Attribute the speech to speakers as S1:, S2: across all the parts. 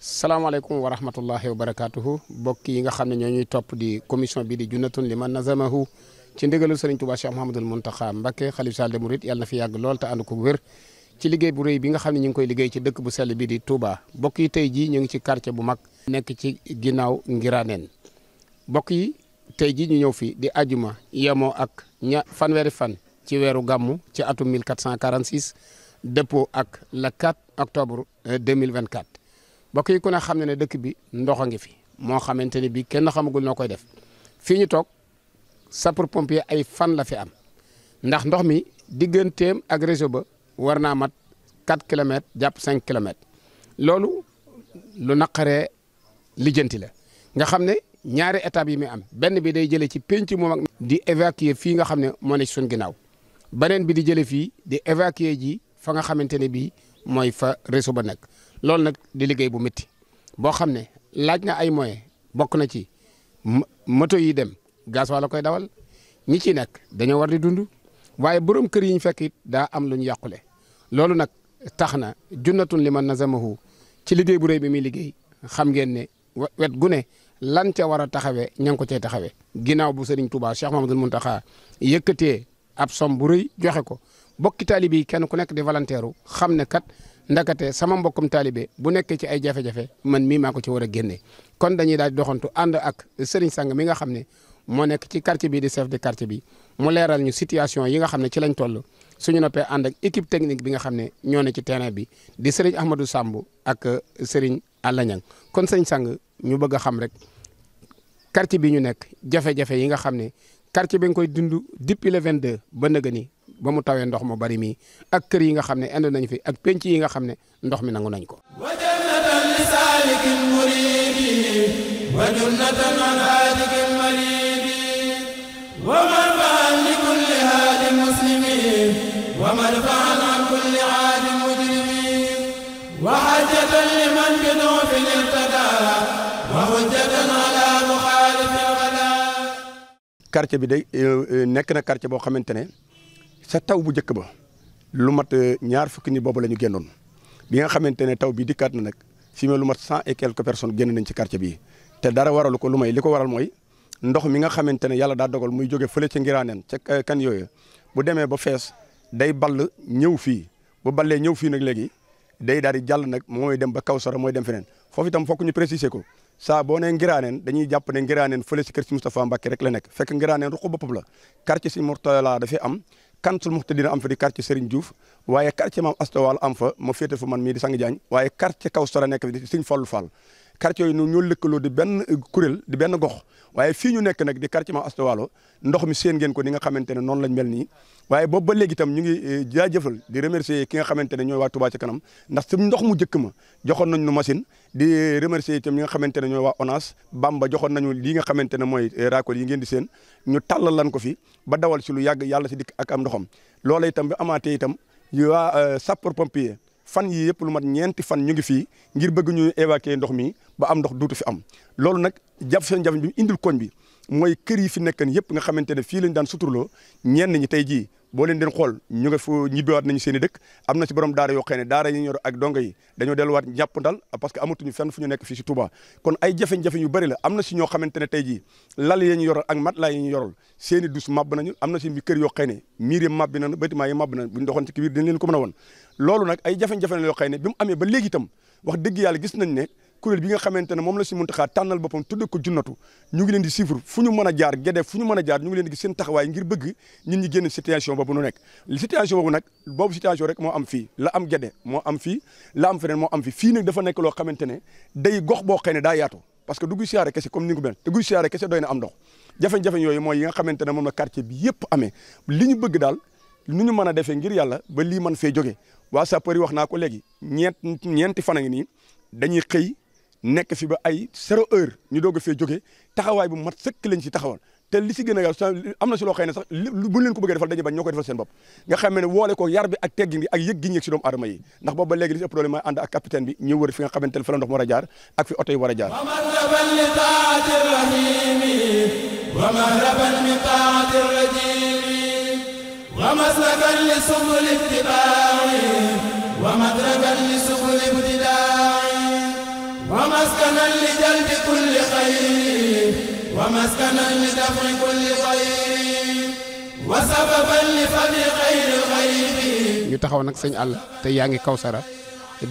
S1: salaamaaleykum wa rahmatullahi wa barakaatuhu mbokk yi nga xam ne ñoo ñuy topp di commission bi di junnatun liman nazamahu ci ndigalul sëriñ Tuubaa Cheikh Mouhamadul Mountakha Mbacké xalif sal de murid yàlla na fi yàgg lool te ànd ko wér ci liggéey bu rëy bi nga xam ne ñu ngi koy liggéey ci dëkk bu sell bi di Touba mbokk yi tey jii ñu ngi ci quartier bu mag nekk ci ginnaaw Ngiraneen mbokk yi tey jii ñu ñëw fi di ajuma yemoo ak ña fanweeri fan ci weeru gàmmu ci atum 1446 dëppoo ak la 4 octobre 2024 euh, mbokk yi ku ne xam ne ne dëkk bi ndox a ngi fi moo xamante ni bii kenn xamagul noo koy def fii ñu toog sapeur pompier ay fan la fi am ndax ndox mi digganteem ak réseau ba war naa mat 4 kilomètres jàpp cinq kilomètres loolu lu naqaree lijjanti la nga xam ne ñaari étapes yi muy am benn bi day jëlee ci penc moom ak di évacuer fii nga xam ne moo ne suñ ginnaaw beneen bi di jëlee fii di évacuer ji fa nga xamante ne bii mooy fa réseau ba nekk loolu nag di liggéey bu métti boo xam ne laaj na ay moyens bokk na ci moto yi dem gaz waa koy dawal ñi ci nekk dañoo war di dund waaye borom kër yi ñu fekk daa am lu ñu yàqule loolu nag tax na junnatun li man nazamahu ci liggéey bu rey bi muy liggéey xam ngeen ne wet gu ne lan ca war a taxawee ña ngi ko cay taxawee ginnaaw bu Serigne Touba Cheikh mun Mountakha yëkkatee ab som bu rëy joxe ko bokki taalibe yi kenn ku nekk di volontaire xam ne kat ndakate sama mbokkum taalibe bu nekkee ci ay jafe-jafe man mii maa ko ci war a génnee kon dañuy daal doxantu ànd ak Serigne Sang mi nga xam ne moo nekk ci quartier bi di chef de quartier bi mu leeral ñu situation yi xam ne ci lañ toll suñu noppee ànd ak équipe technique bi nga xam ne ñoo ne ci terrain bi di Serigne Ahmadou Samb ak Serigne Alañang kon Serigne Sang ñu bëgg a xam rek quartier bi ñu nekk jafe-jafe yi nga xam ne quartier bi nga koy dund depuis le 22 ba nëga ni mu tawee ndox mu bari mii ak kër yi nga xam ne indi nañ fi ak penc yi nga xam ne ndox mi nangu nañ ko wajannatan
S2: li saalikin muridi wa jannatan an haadikin maridi wa marfaan li kulli haadi muslimin wa marfaan an kulli haadi mujrimin wa hajjatan liman bi
S3: quartier bi day euh, euh, nekk na quartier boo xamante ne sa taw bu njëkk ba lu mat euh, ñaar fukki nit boobu la ñu génnoon bi nga xamante ne taw bi dikkaat na nag fi mu lu mat cent et quelques personnes génn nañ ci quartier bi te dara waralu ko lu may li ko waral mooy ndox mi nga xamante ne yàlla daa dogal muy jóge fële ca ngiraaneen ca kan yooyu bu demee ba fees day ball ñëw fii bu ballee ñëw fii nag léegi day daal di jàll nag mooy dem ba kaw Kawsara mooy dem feneen foofu itam fokk ñu préciser ko saa boo nee Ngiraaneen dañuy jàpp ne Ngiraaneen fële si kër si Moustapha Mbacke rek la nekk fekk Ngiraaneen ruqu boppam la quartier si Mourtala dafay am kantul muhtadina am fa di quartier Serigne Diouf waaye quartier maam Astawal am fa ma féete fa man mii di Sang Diagne waaye quartier Kawsara nekk fi di Serigne Fallou quartier yooyu noonu ñoo lëkkaloo di benn eh, kuréel di benn gox waaye fii ñu nekk nag di quartier Mame Asta Walo ndox mi seen ngeen ko ni nga xamante ne noonu lañ mel nii waaye boobu ba léegi itam ñu ngi eh, jaajëfal di remercier ki nga xamante ne ñooy waa ci kanam ndax ndox mu jëkk ma joxoon nañ nu machine di eh, remercier itam ñi nga xamante ne ñooy waa ONAS Bamba joxoon nañu li nga xamante ne mooy racole yi ngeen di seen ñu tallal lan ko fi ba dawal si lu yàgg yàlla si dikk ak am ndoxam loola itam bi amaatee itam waa sapeur pompier fan yii yëpp lu mat ñeenti fan ñu ngi fii ngir bëgg ñu évacuer ndox mi ba am ndox duutu fi am loolu nag jàpp seen jafe bi indil koñ bi mooy kër yi fi nekkan yëpp nga xamante ne fii lañ daan suturloo ñenn ñi tey jii boo leen den xool ñu nga fu ñibbiwaat nañu seen i dëkk am na si borom daara yoo xëy ne daara yi ñor ak donga yi dañoo delluwaat jàpp ndal parce que amatuñu fenn fu nekk fii si Touba kon ay jafe-jafe yu bëri la am na si ñoo xamante ne tey jii lal yi ñu yorol ak mat laa yi ñu yorol seen i dus màbb nañu am na si kër yoo xëy ne miir yi màbbi nañu bâtiment yi màbb nañu buñu doxoon ci biir dañ leen ko mën a woon loolu nag ay jafe-jafe la ne bi mu amee ba léegi itam wax dëgg yàlla gis nañ ne kuréel bi nga xamante ne moom la si Muntaxa tànnal boppam tudde ko junnatu ñu ngi leen di suivre fu ñu mën a jaar gede fu ñu mën a jaar ñu ngi leen di seen taxawaay ngir bëgg nit ñi génn situation boobu nu nekk situation boobu nag boobu situation rek moo am fii la moo am fii la am feneen moo am fi fii nag dafa nekk loo xamante ne day gox boo xëy ne daa yaatu parce que du guy siyaare kese comme ni nga ko mel te guy siyaare kese doy na am ndox jafe-jafe yooyu mooy yi nga xamante ne moom la quartier bi yëpp amee ñu bëgg daal nu ñu mën a defee ngir yàlla ba lii mën fee jógee waa sapeur yi wax naa ko léegi ñeent ñeenti fan a nii dañuy xëy nekk fi ba ay zéro heure ñu doog a fee jógee taxawaay bu mat sëkk lañ ci taxawal te li ci gën a gaaw am na si loo xëy ne sax buñ leen ko bëggee defal dañuy ba ñoo koy defal seen bopp nga xam ne woole ko yar bi ak teggin bi ak yëg gi ñeeg ci doomu aadama yi ndax boobu ba léegi li ci problème mooy ànd ak capitaine bi ñu wër fi nga xamante ne fa la ndox mu war a jaar ak fi oto yi war a jaar
S2: ومسلكا لسبل اتباعي ومدركا لسبل ابتداعي ومسكنا لجلب كل خير ومسكنا لدفع كل خير وسببا لفضل خير الغيب
S1: ñu taxaw nag sëñ àll te yaa ngi Kawsara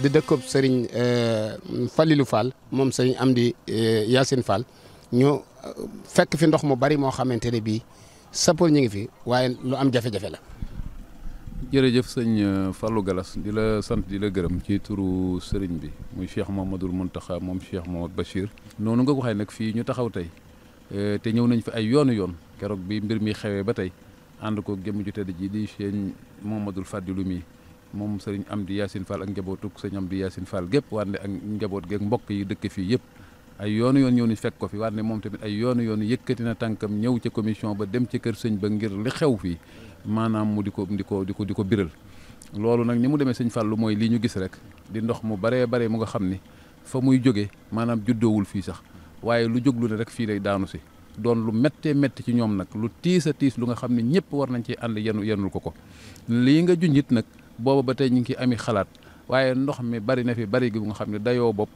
S1: di dëkkub sëriñ euh, Falilou Fall moom sëriñ Amdi euh, yasin Fall ñu euh, fekk fi ndox mu bari moo xamante ne bii sappool ñu ngi fi waaye lu am jafe-jafe la
S4: jërëjëf sëñ euh, falu Galas di la sant di la gërëm ci turu sëriñ bi muy Cheikh Mouhamadoul Mountakha moom Cheikh Mouhamad Bachir noonu nga ko waxee nag fii ñu taxaw tey euh, te ñëw nañ fi ay yoonu yoon keroog bi mbir mi xewee ba tey ànd ko jëmm ju tedd ji di sëñ Mouhamadoul Fadilou mii moom sëriñ Amdi Yacine Fall ak njabootug sëñ Amdi Yacine Fall gépp wànde ak njaboot geek mbokk yi dëkk fii yëpp ay yoonu yoon ñëw fekk ko fi war ne moom tamit ay yoonu yëkkati na tànkam ñëw ca commission ba dem ci kër sëñ ba ngir li xew fii maanaam mu di ko di ko di ko di ko biral loolu nag ñi mu demee sëñ Fallou mooy lii ñu gis rek di ndox mu baree bare mu nga xam ni fa muy jóge maanaam juddoowul fii sax waaye lu jóglu ne rek fii lay daanu si doon lu méttee métti ci ñoom nag lu tiis a tiis lu nga xam ne ñëpp war nañ ci ànd yenu yenul ko ko lii nga junjit nag booba ba tey ñu ngi ciy ami xalaat waaye ndox mi bari na fi bari gi nga xam ne dayoo bopp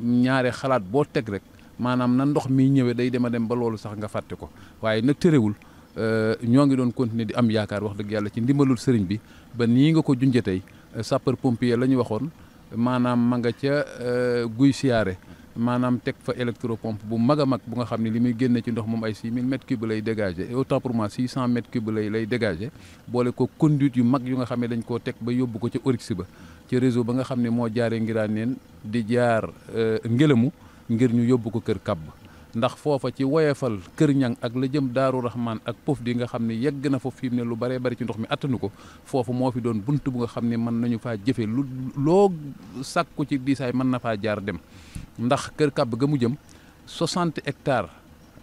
S4: ñaare xalaat boo teg rek maanaam na ndox mi ñëwee day dem a dem ba loolu sax nga fàtte ko waaye nag terewul euh, ñoo ngi doon continuer di am yaakaar wax dëgg yàlla ci ndimbalul sëriñ bi ba nii nga ko junjee tey euh, sapeur pompier la ñu waxoon maanaam ma nga ca euh, guy siyaare maanaam teg fa électropompe bu mag a mag bu nga xam ne li muy génne ci ndox moom ay 6000 mètres cubes lay dégagé et autant pour moi 600 mètres lay dégagé boole ko conduite yu mag yu nga xam ne dañ koo teg ba yóbbu ko ca Oryx ba ci réseau ba nga xam ne moo jaaree ngiraan neen di jaar euh, ngelamu ngir ñu yóbbu ko kër kàbb ndax foofa ci woyefal kër ñan ak la jëm daaru rahman ak pof di nga xam ne yegg na fa fi mu ne lu baree bari ci ndox mi attanu ko foofu moo fi doon bunt bu nga xam ne mën nañu faa jëfe lu loo sàkku ci diisaay mën na faa jaar dem ndax kër kàbb ga mu jëm 60 hectares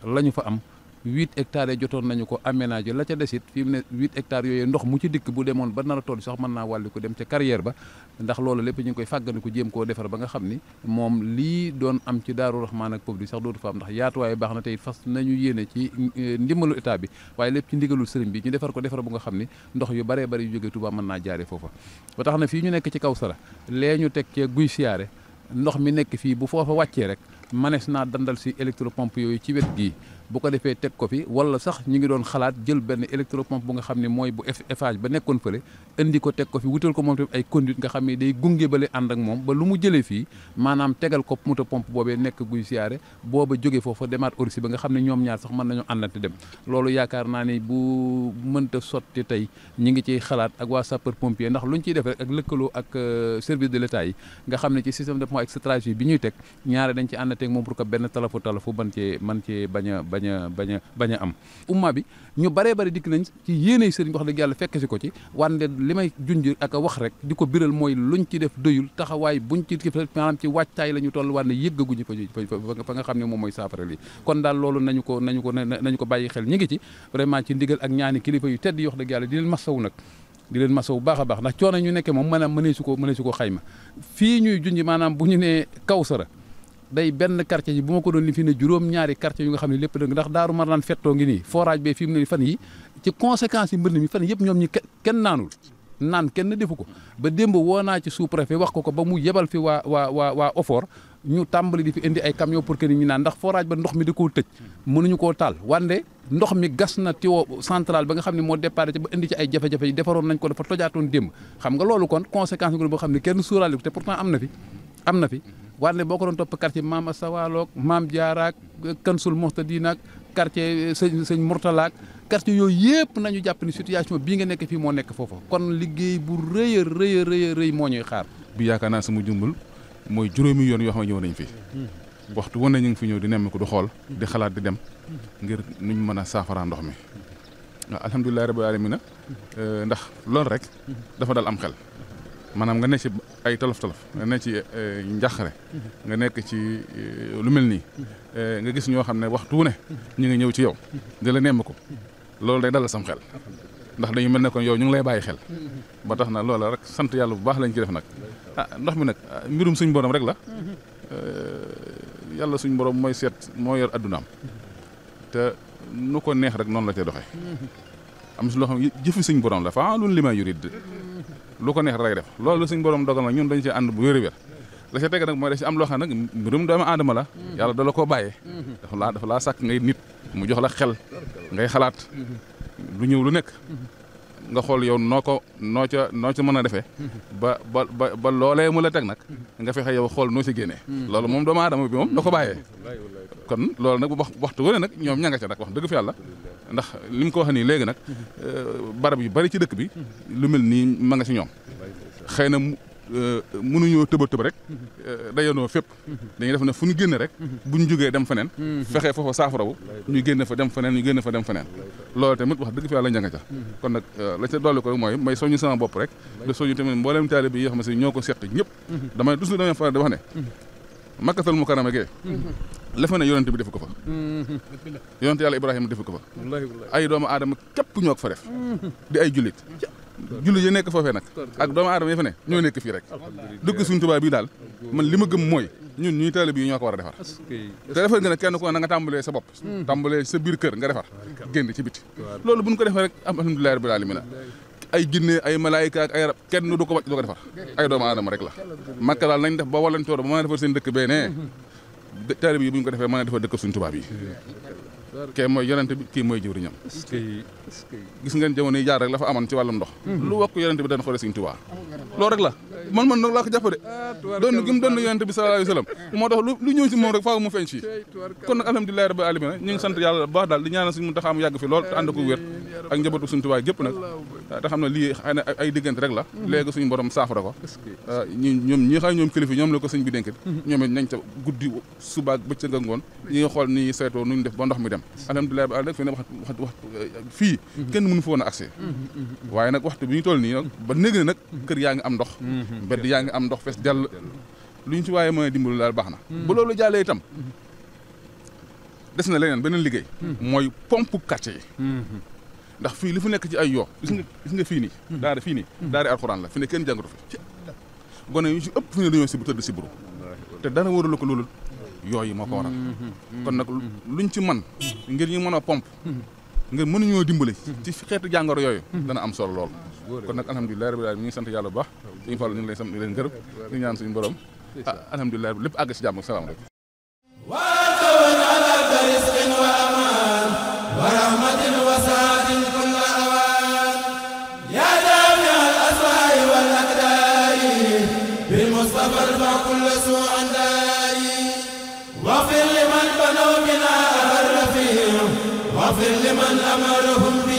S4: la ñu fa am huit ectare yi jotoon nañu ko aménagé la ca desit fi mu ne huit hectares yooyu ndox mu ci dikk bu demoon ba nar a toll sax mën naa wàlli ko dem ca carrière ba ndax loolu lépp ñu ngi koy fàggani ko jéem koo defar ba nga xam ni moom lii doon am ci daaru raxmaan ak Pobdi sax dootu fa am ndax yaatuwaay baax na tey fas nañu yéene ci eh, ndimbalu état bi waaye lépp ci ndigalul sëriñ bi ñu defar ko defar bu nga xam ni ndox yu bare bari yu jógee Tuubaa mën naa jaare foofa ba tax na fii ñu nekk ci kaw sara lee ñu teg cee guy siyaare ndox mi nekk fii bu foofa wàccee rek manees naa dandal si électropompe yooyu ci wet gi bu ko defee teg ko fi wala sax ñu ngi doon xalaat jël benn électropompe bu nga xam ne mooy bu Eiffage ba nekkoon fële indi ko teg ko fi wutal ko moom tamit ay conduite nga xam ni day gunge bale ànd ak moom ba lu mu jëlee fii maanaam tegal ko moto pompe boobee nekk guy siyaare booba jógee foofa demaat orsi ba nga xam ne ñoom ñaar sax mën nañu àndante dem loolu yaakaar naa ni bu mënta sotti tey ñi ngi ciy xalaat ak waa sapeur pompier ndax luñ ciy def rek ak lëkkaloo ak euh, service de l'état yi nga xam ne ci système de point ak stratégie bi ñu teg ñaare dañ ci jëflanteeg moom pour que benn talafu talafu ban cee man cee bañ a bañ a bañ am umma bi ñu baree bari dikk nañ ci yéeney sëriñ bi wax dëgg yàlla fekk si ko ci wante li may junj ak wax rek di ko biral mooy luñ ci def doyul taxawaay buñ ci def maanaam ci wàccaay la ñu toll wante yëggaguñu fa fa nga xam ne moom mooy saafara lii kon daal loolu nañu ko nañu ko nañu ko bàyyi xel ñu ngi ci vraiment ci ndigal ak ñaani kilifa yu tedd yi wax dëgg yàlla di leen masawu nag di leen masaw baax a baax ndax ñu nekkee moom mën a mënee su ko mënee su ko xayma fii ñuy junj maanaam bu ñu nee kaw day benn quartier yi bu ma ko doon li fi ne juróom-ñaari quartier yu nga xam ne lépp dëgg ndax daaru marnaan fettoo ngi nii forage bee fi mu ne fan yi ci conséquence yi mbënd mi fan yëpp ñoom ñi kenn naanul naan kenn defu ko ba démb woo naa ci sous-préfet wax ko ko ba mu yebal fi waa waa waa ñu tàmbali di fi indi ay camion pour que ñi naan ndax forage ba ndox mi di koo tëj mënuñu koo taal wande ndox mi gas na tuyau central ba nga xam ne moo départ ci ba indi ci ay jafe-jafe yi defaroon nañ ko dafa tojaatoon démb xam nga loolu kon conséquence bi ne kenn suuraale ko te pourtant am na am na fi wante boo ko doon topp quartier maam Asawaloog maam Jaaraak Kansul Moxtadinaak quartier eh, sëñ sëñ Mourtalaak quartier yooyu yëpp nañu jàpp ni situation bii nga nekk fii moo nekk foofu kon liggéey bu rëy a rëy rëy moo ñuy xaar. bi yaakaar naa sama jumbul mooy juróomi yoon yoo xam ne ñëw nañ fi.
S5: waxtu woon na ñu ngi fi ñëw di nemm ko du xool. di xalaat di dem. ngir nuñ mën a saafaraa ndox mi. waaw alhamdulilah rabbil alamin eh, ndax loolu rek. dafa dal am xel. maanaam nga ne ci ay tolof tolof nga ne ci eh, njàqare nga nekk ci eh, lu mel nii eh, nga gis ñoo xam ne waxtu ne ñu ngi ñëw ci yow di la ko loolu day dalal sam xel ndax dañu mel nekkoon kon yow ñu ngi lay bàyyi xel ba tax na loola rek sant yàlla bu baax lañ ci def nag ah ndox mi nag ah, mbirum suñ borom rek la yàlla suñ borom mooy seet moo yor addunaam te nu ko neex rek noonu la cay doxee am si loo xam jëfi suñ borom la fa lu limay yurid lu ko neex rek def loolu suñ suñu borom dogal na ñun dañu ci ànd bu wér a wér la ca teg nag mooy da ci am loo xam nag mbirum doomu aadama la yàlla da la koo bàyyee dafa laa dafa laa sàkk ngay nit mu jox la xel ngay xalaat lu ñëw lu nekk nga xool yow noo ko noo ca noo ca mën a defee ba ba ba loolee mu la teg nag nga fexe yow xool noo ci génnee loolu moom doomu aadama bi moom da ko bàyyee kon loolu nag bu waxtu wane nag ñoom ña nga ca nag wax dëgg fi yàlla ndax li mu ko wax nii léegi nag euh, barab yu bari ci dëkk bi lu mel nii ma nga ci ñoom xëy na euh, mënuñoo tëba tëb rek euh, dayanoo fépp dañuy def na fu ñu génne rek bu ñu jógee dem feneen fexee foofa saafarawu ñu génne fa dem feneen ñu génne fa dem feneen loolu tamit wax dëgg fi yàlla njanga ca kon nag la ca dolli ko mooy may soñu sama bopp rek da soñu tamit mboolem taalibe yi yoo xam ne ñoo ko seq ñëpp damay dus damay faral di wax ne makkatal mukarama gee mhm. la fa ne yonent bi defu ko fa mhm. yonent yàlla ibrahima defu ko fa ay doomu aadama képp ñoo ko fa def mhm. di ay jullit jullit yi nekk foofee nag ak doomu aadama yi ñoo nekk fii rek dëkk suñ tubaab bii daal man li ma gëm mooy ñun ñuy taalibe yi ñoo war a defar te defar nga ne kenn ko na nga tàmbalee sa bopp tàmbalee sa biir kër nga defar génn ci biti loolu buñ ko defee rek alhamdulilahi rabbil na ay ginne ay malaayika ak ay rab kenn du ko wàcc du ko defar ay doomu aadama rek la Makka daal nañ def ba walantoor ba mën a defar seen dëkk bee ne bi yi bu ñu ko defee mën a defar dëkk suñu tubaab yi kee mooy yonente bi kii mooy jëwriñam gis ngeen jamono yi jaar rek la fa amoon ci wàllum ndox lu wakk yenent bi daan xoolee suñu loo rek la man man nag laa ko jàppale doon gi mu doon yonente bi sa alayhi wasallam moo tax lu ñëw si moom rek faaw mu feeñ si kon nag alhamdulilahi sant yàlla baax daal di ñaanal suñu mu taxaam lool te ànd ko wér ak njabootu suñu tubaay gépp nag te xam ne ay diggante rek la léegi suñu borom saafara ko ñu ñoom ñi xam ñoom kilifa ñoom la ko sëñ bi dénkit ñoom it nañ ca guddi suba ak bëccëg ak ngoon ñi xool ni saytoo nuñ def ba ndox mi dem alhamdulilahi rabbil alamin fi ne wax wax fii kenn mënu fa woon accès mm-hmm. waaye nag waxtu bi ñu toll nii nag ba néeg na nag kër yaa ngi am ndox mbedd mhm. yaa ngi am ndox fees dell lu ñu ci waaye mën a dimbalu daal baax na mhm. bu loolu jàllee itam mhm. des na leneen beneen liggéey mooy pompe quartier yi ndax fii li fu nekk ci ay yoo gis nga gis nga fii nii daara fii nii daara alxuraan la fi ne kenn jàngatu fi gone yu ci ëpp fi ne si sibu tëdd sibru te dara waralu ko loolu yooyu moo ko waral kon nag luñ ci man ngir ñu mën a pompe ngir mënuñoo dimbali si xeetu jàngoro yooyu dana am solo lool kon nag alhamdulilah rabbil alamin ñu ngi sant yàlla bu baax suñu fàllu ñu ngi lay sant di leen gërëm di ñaan suñu borom ah alhamdulilah lépp àgg si jàmm ak salaam rek
S2: واغفر لمن بنوا بنا أبر فيهم واغفر لمن أمرهم بي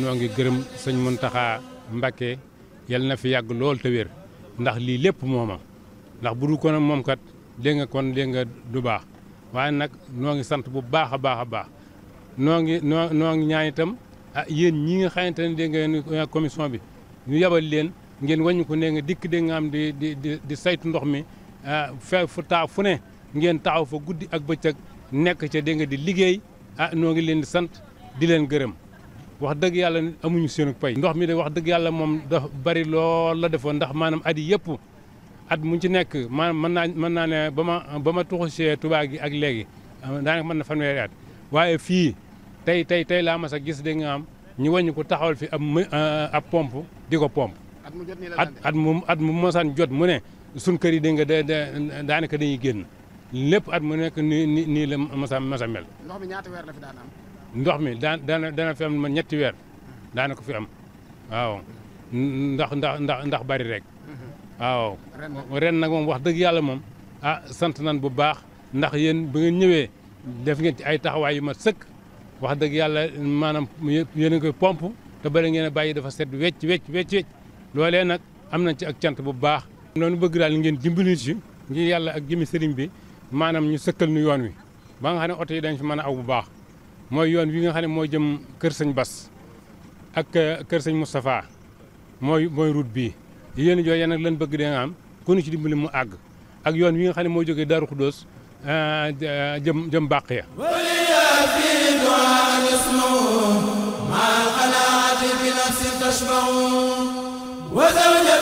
S6: noo ngi gërëm sëñ Muntaxa mbake yal na fi yàgg loolu te ndax lii lépp mooma ndax bu du ko moom kat dégg nga kon dégg nga du baax waaye nag noo ngi sant bu baax a baax a baax noo ngi noo noo ngi ñaan ah, yéen ñi nga xamante ne dégg nga commission bi ñu yabal leen ngeen wàññi ko ne nga dikk de nga di di di saytu ndox mi ah, fe fu taa fu ne ngeen taxaw fa guddi ak bëccëg nekk ca dégg nga di liggéey ah noo ngi leen di sant di leen gërëm. wax dëgg yàlla amuñu seen pay ndox mi de wax dëgg yàlla moom dafa bari lool la defoon ndax maanaam at yi yëpp at mu ci nekk maanaam mën naa mën naa ne ba ma ba ma tuxu see Tuubaa gi ak léegi ah, daanaka mën na fanweeri at waaye fii tey tey tey laa mas a gis da nga am ñu wàññi ko taxawal fi ab ah, ab pompe di ko pompe at at mu at mu mosaan jot mu ne suñ kër yi dégg nga da daanaka dañuy génn lépp at mu nekk nii nii la masa masa mel
S1: ndox mi ñaata weer la fi
S6: ndox mi daan dana dana fi am ma ñetti weer daana ko fi am waaw ndax ndax ndax bari rek waaw ren nag moom wax dëgg yàlla moom ah sant nan bu baax ndax yéen ba ngeen ñëwee def ngeen ci ay taxawaay yu ma sëkk wax dëgg yàlla maanaam yéen a pomp pompe te bari ngeen a bàyyi dafa sedd wecc wecc wecc wecc loolee nag am nañ ci ak cant bu baax noonu bëgg daal ngeen dimbali yi ngir yàlla ak jëmi sëriñ bi maanaam ñu sëkkal nu yoon wi ba nga xam ne oto yi dañ fi man a aw bu baax mooy yoon wi nga xam ne moo jëm Kër Bas ak euh, Kër Sëñ Moustapha mooy mooy route bii yéen a jooyee nag bëgg de nga am ku ñu ci dimbali mu àgg ak yoon wi nga xam ne moo jógee Darou Khoudoss euh, jëm jëm bàq ya.
S2: وزوجة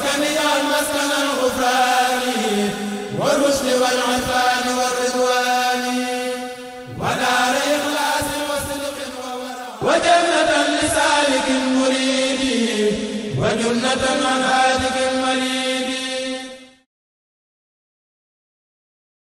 S2: maskani al maskan al ghufrani wal rusli wal afani wal ridwani wa dar ikhlas wa sidq wa jannatan li salikin muridi wa jannatan